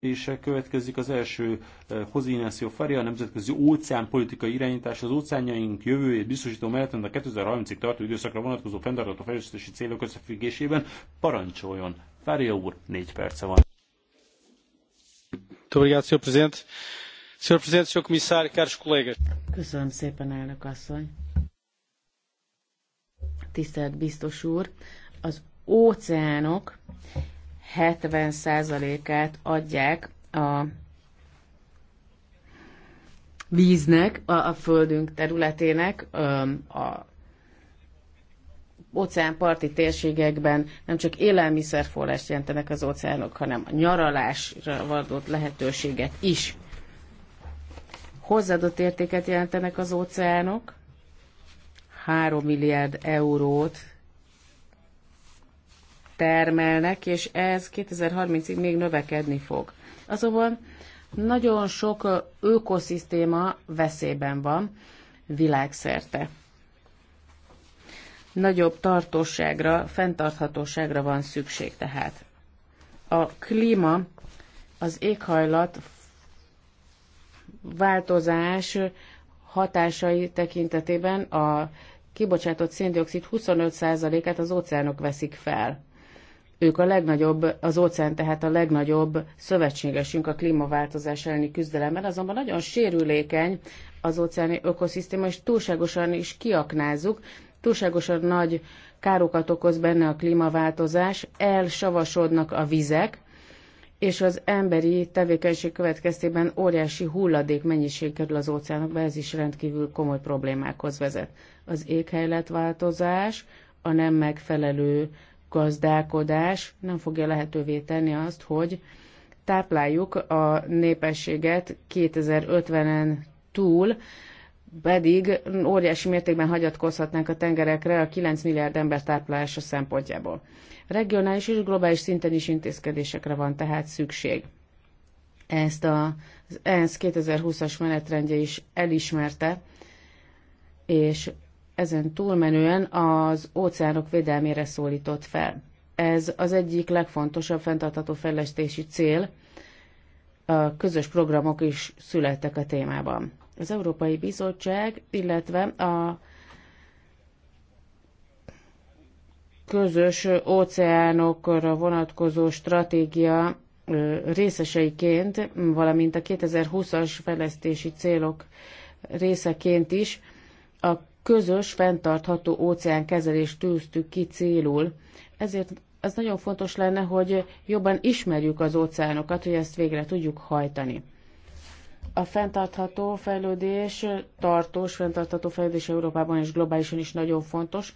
és következik az első eh, José Ignacio Faria, a nemzetközi Politikai irányítás, az óceánjaink jövőjét biztosító mellett a 2030-ig tartó időszakra vonatkozó fenntartató fejlesztési célok összefüggésében parancsoljon. Faria úr, négy perce van. Köszönöm szépen, elnök asszony. Tisztelt biztos úr, az óceánok 70%-át adják a víznek, a, a földünk területének, a óceánparti térségekben nem csak élelmiszerforrást jelentenek az óceánok, hanem a nyaralásra adott lehetőséget is. Hozzáadott értéket jelentenek az óceánok, 3 milliárd eurót termelnek, és ez 2030-ig még növekedni fog. Azonban nagyon sok ökoszisztéma veszélyben van világszerte. Nagyobb tartóságra, fenntarthatóságra van szükség tehát. A klíma, az éghajlat változás hatásai tekintetében a kibocsátott széndiokszid 25%-át az óceánok veszik fel. Ők a legnagyobb, az óceán tehát a legnagyobb szövetségesünk a klímaváltozás elleni küzdelemben, azonban nagyon sérülékeny az óceáni ökoszisztéma, és túlságosan is kiaknázzuk, túlságosan nagy károkat okoz benne a klímaváltozás, elsavasodnak a vizek, és az emberi tevékenység következtében óriási hulladék mennyiség kerül az óceánokba, ez is rendkívül komoly problémákhoz vezet. Az éghajlatváltozás, a nem megfelelő gazdálkodás nem fogja lehetővé tenni azt, hogy tápláljuk a népességet 2050-en túl, pedig óriási mértékben hagyatkozhatnánk a tengerekre a 9 milliárd ember táplálása szempontjából. Regionális és globális szinten is intézkedésekre van tehát szükség. Ezt az ENSZ 2020-as menetrendje is elismerte, és ezen túlmenően az óceánok védelmére szólított fel. Ez az egyik legfontosabb fenntartható fejlesztési cél, a közös programok is születtek a témában. Az Európai Bizottság, illetve a közös óceánokra vonatkozó stratégia részeseiként, valamint a 2020-as fejlesztési célok részeként is a közös, fenntartható kezelést tűztük ki célul. Ezért ez nagyon fontos lenne, hogy jobban ismerjük az óceánokat, hogy ezt végre tudjuk hajtani. A fenntartható fejlődés, tartós fenntartható fejlődés Európában és globálisan is nagyon fontos.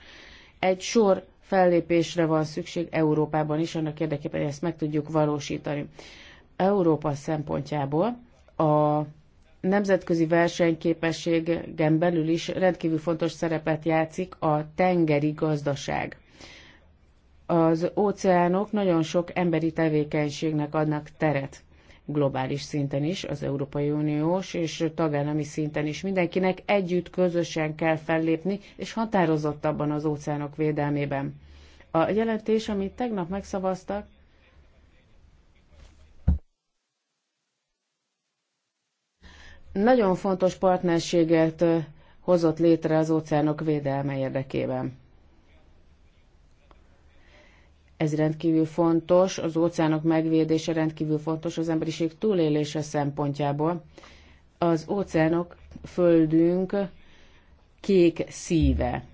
Egy sor fellépésre van szükség Európában is, annak érdekében, hogy ezt meg tudjuk valósítani. Európa szempontjából a nemzetközi versenyképességen belül is rendkívül fontos szerepet játszik a tengeri gazdaság. Az óceánok nagyon sok emberi tevékenységnek adnak teret globális szinten is, az Európai Uniós és tagállami szinten is. Mindenkinek együtt, közösen kell fellépni, és határozottabban az óceánok védelmében. A jelentés, amit tegnap megszavaztak, nagyon fontos partnerséget hozott létre az óceánok védelme érdekében. Ez rendkívül fontos, az óceánok megvédése rendkívül fontos az emberiség túlélése szempontjából. Az óceánok földünk kék szíve.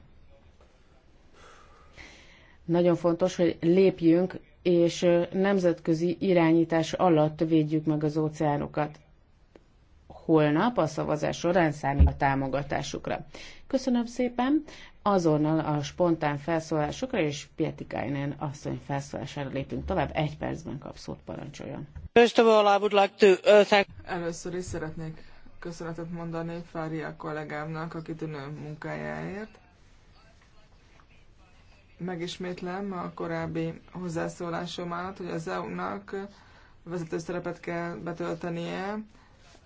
Nagyon fontos, hogy lépjünk, és nemzetközi irányítás alatt védjük meg az óceánokat holnap a szavazás során számít a támogatásukra. Köszönöm szépen! Azonnal a spontán felszólásokra és Kajnén asszony felszólására lépünk tovább. Egy percben kap szót, parancsoljon. Uh, Először is szeretnék köszönetet mondani Fária kollégámnak a kitűnő munkájáért. Megismétlem a korábbi hozzászólásomat, hogy az EU-nak vezető szerepet kell betöltenie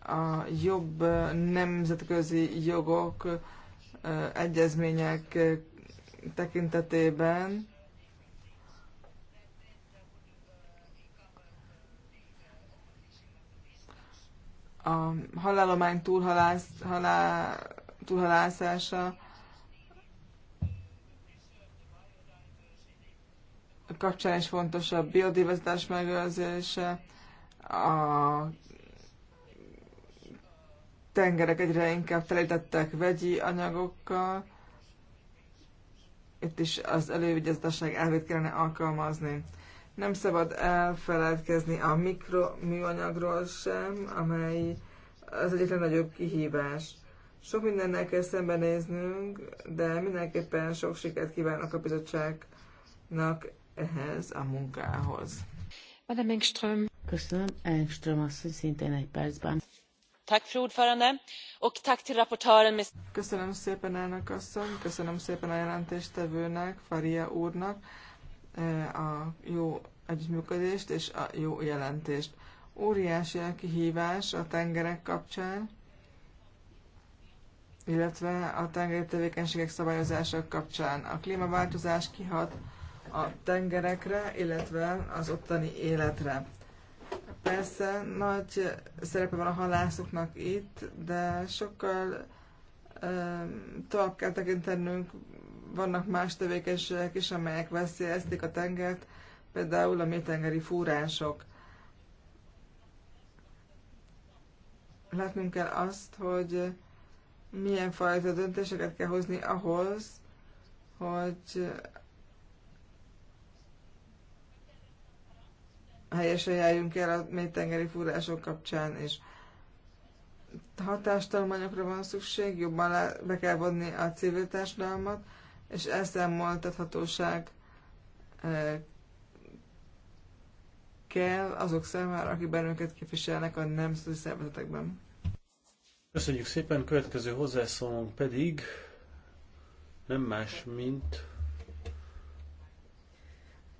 a jobb nemzetközi jogok, egyezmények tekintetében a halálomány túlhalász, halá, túlhalászása kapcsán is fontos a biodiverzitás megőrzése, a tengerek egyre inkább felejtettek vegyi anyagokkal. Itt is az elővigyazdaság elvét kellene alkalmazni. Nem szabad elfeledkezni a mikroműanyagról sem, amely az egyik legnagyobb kihívás. Sok mindennel kell szembenéznünk, de mindenképpen sok sikert kívánok a bizottságnak ehhez a munkához. Madame Engström. Köszönöm, Engström asszony szintén egy percben. Köszönöm szépen, elnök asszony, köszönöm szépen a jelentéstevőnek, Faria úrnak eh, a jó együttműködést és a jó jelentést. Óriási a kihívás a tengerek kapcsán, illetve a tengeri tevékenységek szabályozása kapcsán. A klímaváltozás kihat a tengerekre, illetve az ottani életre. Persze nagy szerepe van a halászoknak itt, de sokkal tovább kell tekintenünk, vannak más tevékenységek is, amelyek veszélyeztik a tengert, például a mélytengeri fúrások. Látnunk kell azt, hogy milyen fajta döntéseket kell hozni ahhoz, hogy helyesen járjunk el a mélytengeri fúrások kapcsán és Hatástanulmányokra van szükség, jobban le, be kell vonni a civil társadalmat, és elszámoltathatóság kell azok számára, akik bennünket képviselnek a nemzeti szervezetekben. Köszönjük szépen, következő hozzászólónk pedig nem más, mint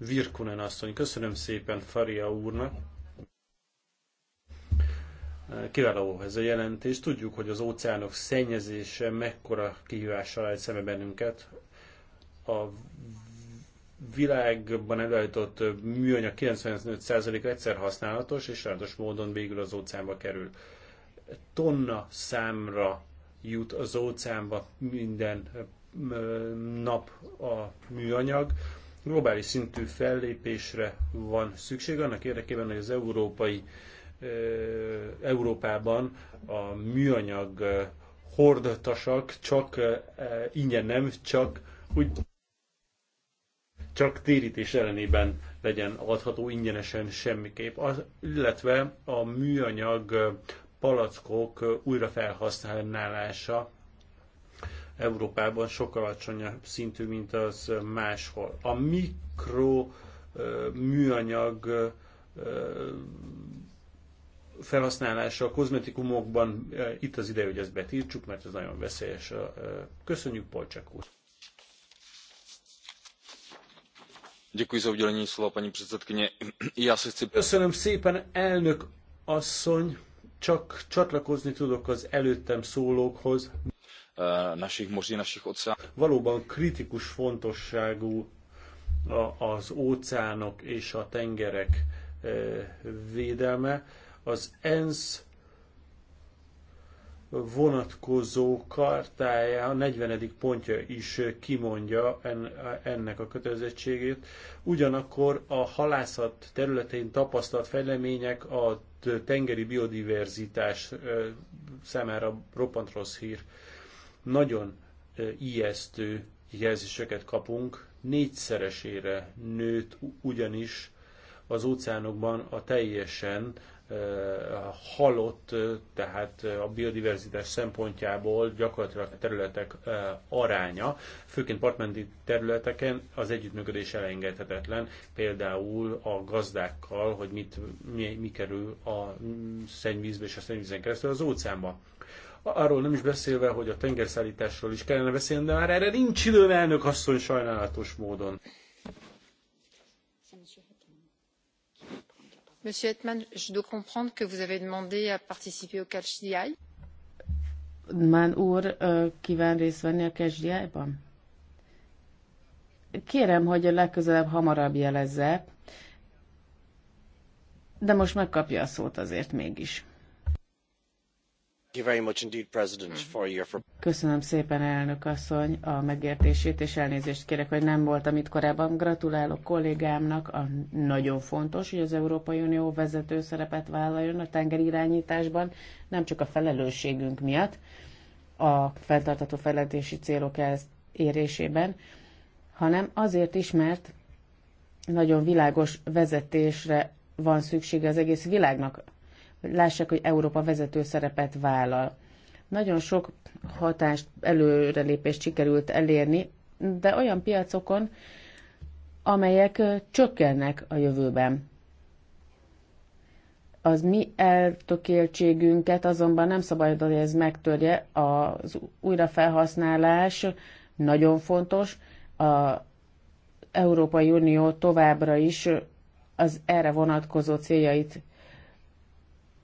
Virkunen asszony. Köszönöm szépen Faria úrnak. Kiváló ez a jelentés. Tudjuk, hogy az óceánok szennyezése mekkora kihívással áll szembe bennünket. A világban előállított műanyag 95%-a egyszer használatos, és sajnos módon végül az óceánba kerül. Tonna számra jut az óceánba minden nap a műanyag globális szintű fellépésre van szükség annak érdekében, hogy az európai Európában a műanyag hordtasak csak ingyen nem, csak úgy csak térítés ellenében legyen adható ingyenesen semmiképp, az, illetve a műanyag palackok újrafelhasználása Európában sokkal alacsonyabb szintű, mint az máshol. A mikro műanyag felhasználása a kozmetikumokban, itt az ideje, hogy ezt betiltsuk, mert ez nagyon veszélyes. Köszönjük, Polcsák úr! paní předsedající köszönöm szépen elnök asszony csak csatlakozni tudok az előttem szólókhoz našich moří, našich oceánů. Valóban kritikus fontosságú az óceánok és a tengerek védelme. Az ENSZ vonatkozó kartája, a 40. pontja is kimondja ennek a kötelezettségét. Ugyanakkor a halászat területén tapasztalt fejlemények a tengeri biodiverzitás számára roppant rossz hír. Nagyon ijesztő jelzéseket kapunk, négyszeresére nőtt ugyanis az óceánokban a teljesen halott, tehát a biodiverzitás szempontjából gyakorlatilag a területek aránya, főként partmenti területeken az együttműködés elengedhetetlen, például a gazdákkal, hogy mit, mi, mi kerül a mm, szennyvízbe és a szennyvízen keresztül az óceánba. Arról nem is beszélve, hogy a tengerszállításról is kellene beszélni, de már erre nincs idő, elnök asszony sajnálatos módon. Monsieur Hetman, je dois comprendre que vous avez demandé à participer au catch the eye. Mán úr kíván részt venni a kesdiájban? Kérem, hogy a legközelebb hamarabb jelezze, de most megkapja a szót azért mégis. Mhm. Köszönöm szépen, elnök asszony, a megértését, és elnézést kérek, hogy nem voltam itt korábban. Gratulálok kollégámnak, a nagyon fontos, hogy az Európai Unió vezető szerepet vállaljon a tengeri irányításban, nem csak a felelősségünk miatt, a feltartató fejlesztési célok érésében, hanem azért is, mert nagyon világos vezetésre van szüksége az egész világnak lássák, hogy Európa vezető szerepet vállal. Nagyon sok hatást, előrelépést sikerült elérni, de olyan piacokon, amelyek csökkennek a jövőben. Az mi eltökéltségünket azonban nem szabad, hogy ez megtörje. Az újrafelhasználás nagyon fontos. A Európai Unió továbbra is az erre vonatkozó céljait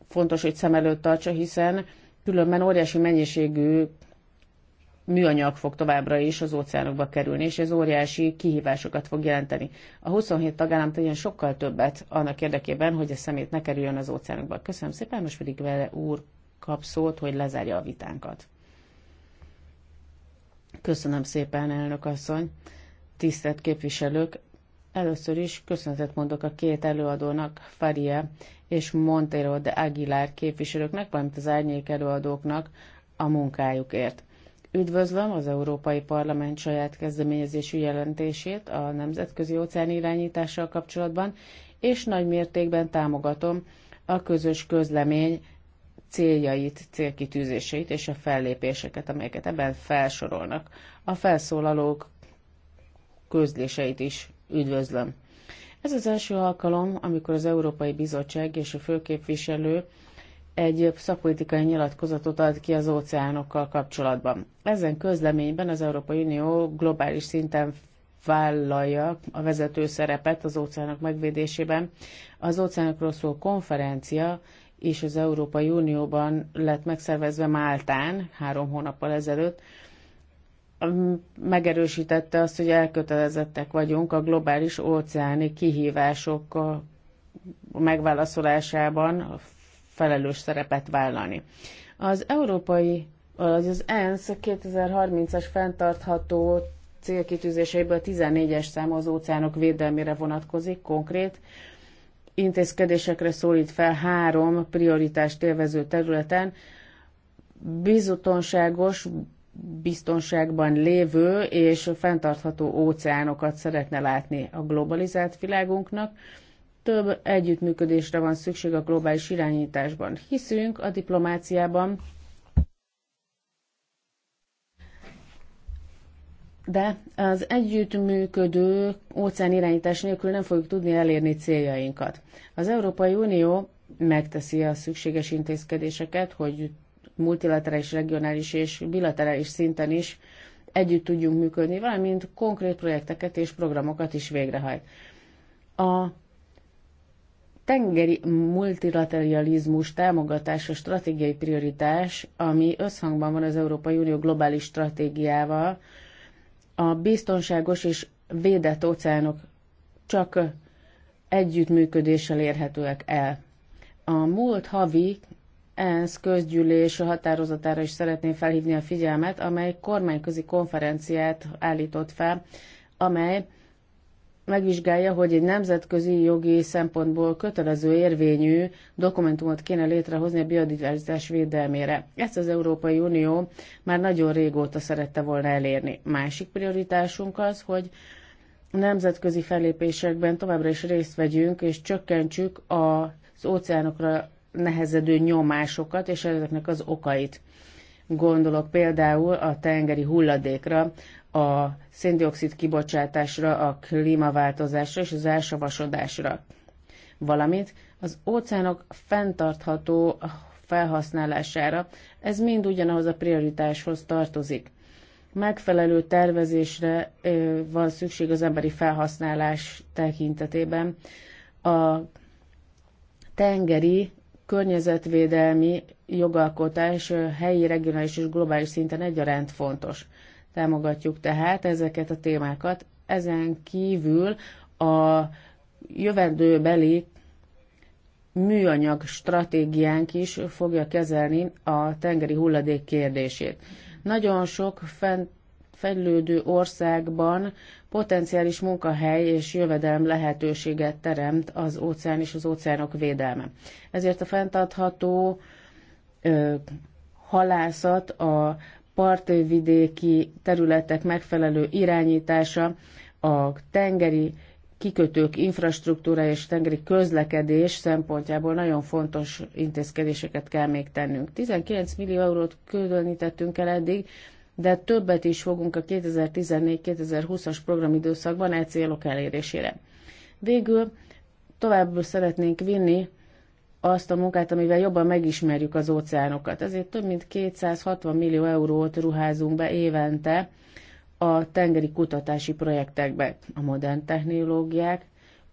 fontos, hogy szem előtt tartsa, hiszen különben óriási mennyiségű műanyag fog továbbra is az óceánokba kerülni, és ez óriási kihívásokat fog jelenteni. A 27 tagállam tegyen sokkal többet annak érdekében, hogy a szemét ne kerüljön az óceánokba. Köszönöm szépen, most pedig vele úr kap szót, hogy lezárja a vitánkat. Köszönöm szépen, elnök asszony. Tisztelt képviselők, Először is köszönetet mondok a két előadónak, Faria és Montero de Aguilar képviselőknek, valamint az árnyék előadóknak a munkájukért. Üdvözlöm az Európai Parlament saját kezdeményezésű jelentését a nemzetközi óceán irányítással kapcsolatban, és nagy mértékben támogatom a közös közlemény céljait, célkitűzéseit és a fellépéseket, amelyeket ebben felsorolnak. A felszólalók közléseit is üdvözlöm. Ez az első alkalom, amikor az Európai Bizottság és a főképviselő egy szakpolitikai nyilatkozatot ad ki az óceánokkal kapcsolatban. Ezen közleményben az Európai Unió globális szinten vállalja a vezető szerepet az óceánok megvédésében. Az óceánokról szól konferencia és az Európai Unióban lett megszervezve Máltán három hónappal ezelőtt, megerősítette azt, hogy elkötelezettek vagyunk a globális óceáni kihívások megválaszolásában felelős szerepet vállalni. Az európai, az, az ENSZ 2030-as fenntartható célkitűzéseiből 14-es szám az óceánok védelmére vonatkozik, konkrét intézkedésekre szólít fel három prioritást élvező területen, bizutonságos, biztonságban lévő és fenntartható óceánokat szeretne látni a globalizált világunknak. Több együttműködésre van szükség a globális irányításban. Hiszünk a diplomáciában, de az együttműködő óceán irányítás nélkül nem fogjuk tudni elérni céljainkat. Az Európai Unió megteszi a szükséges intézkedéseket, hogy multilaterális, regionális és bilaterális szinten is együtt tudjunk működni, valamint konkrét projekteket és programokat is végrehajt. A tengeri multilateralizmus támogatása stratégiai prioritás, ami összhangban van az Európai Unió globális stratégiával, a biztonságos és védett óceánok csak együttműködéssel érhetőek el. A múlt havi ENSZ közgyűlés határozatára is szeretném felhívni a figyelmet, amely kormányközi konferenciát állított fel, amely megvizsgálja, hogy egy nemzetközi jogi szempontból kötelező érvényű dokumentumot kéne létrehozni a biodiverzitás védelmére. Ezt az Európai Unió már nagyon régóta szerette volna elérni. Másik prioritásunk az, hogy nemzetközi fellépésekben továbbra is részt vegyünk, és csökkentsük az óceánokra nehezedő nyomásokat és ezeknek az okait. Gondolok például a tengeri hulladékra, a széndiokszid kibocsátásra, a klímaváltozásra és az elsavasodásra, valamint az óceánok fenntartható felhasználására. Ez mind ugyanahoz a prioritáshoz tartozik. Megfelelő tervezésre van szükség az emberi felhasználás tekintetében. A tengeri környezetvédelmi jogalkotás helyi, regionális és globális szinten egyaránt fontos. Támogatjuk tehát ezeket a témákat. Ezen kívül a jövendőbeli műanyag stratégiánk is fogja kezelni a tengeri hulladék kérdését. Nagyon sok fent fejlődő országban potenciális munkahely és jövedelem lehetőséget teremt az óceán és az óceánok védelme. Ezért a fenntartható ö, halászat, a partvidéki területek megfelelő irányítása, a tengeri kikötők infrastruktúra és tengeri közlekedés szempontjából nagyon fontos intézkedéseket kell még tennünk. 19 millió eurót különítettünk el eddig, de többet is fogunk a 2014-2020-as programidőszakban e célok elérésére. Végül tovább szeretnénk vinni azt a munkát, amivel jobban megismerjük az óceánokat. Ezért több mint 260 millió eurót ruházunk be évente a tengeri kutatási projektekbe. A modern technológiák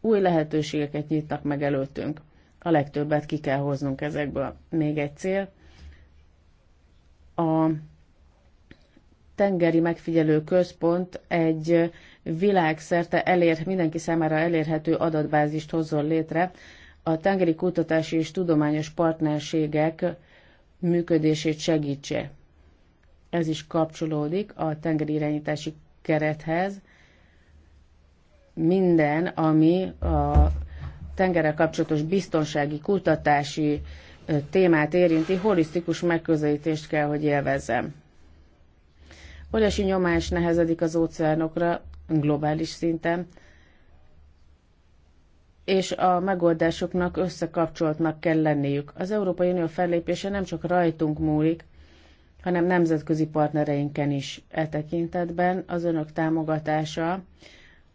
új lehetőségeket nyitnak meg előttünk. A legtöbbet ki kell hoznunk ezekből. Még egy cél, a tengeri megfigyelő központ egy világszerte elér, mindenki számára elérhető adatbázist hozzon létre. A tengeri kutatási és tudományos partnerségek működését segítse. Ez is kapcsolódik a tengeri irányítási kerethez. Minden, ami a tengerrel kapcsolatos biztonsági, kutatási témát érinti, holisztikus megközelítést kell, hogy élvezzem Óriási nyomás nehezedik az óceánokra globális szinten, és a megoldásoknak összekapcsoltnak kell lenniük. Az Európai Unió fellépése nem csak rajtunk múlik, hanem nemzetközi partnereinken is e tekintetben az önök támogatása,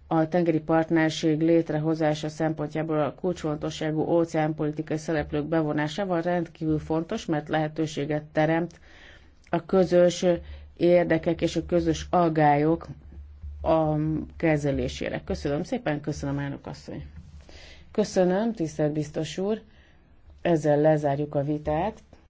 a tengeri partnerség létrehozása szempontjából a kulcsfontosságú óceánpolitikai szereplők bevonásával rendkívül fontos, mert lehetőséget teremt a közös érdekek és a közös agályok a kezelésére. Köszönöm szépen, köszönöm elnök asszony. Köszönöm, tisztelt biztos úr. Ezzel lezárjuk a vitát.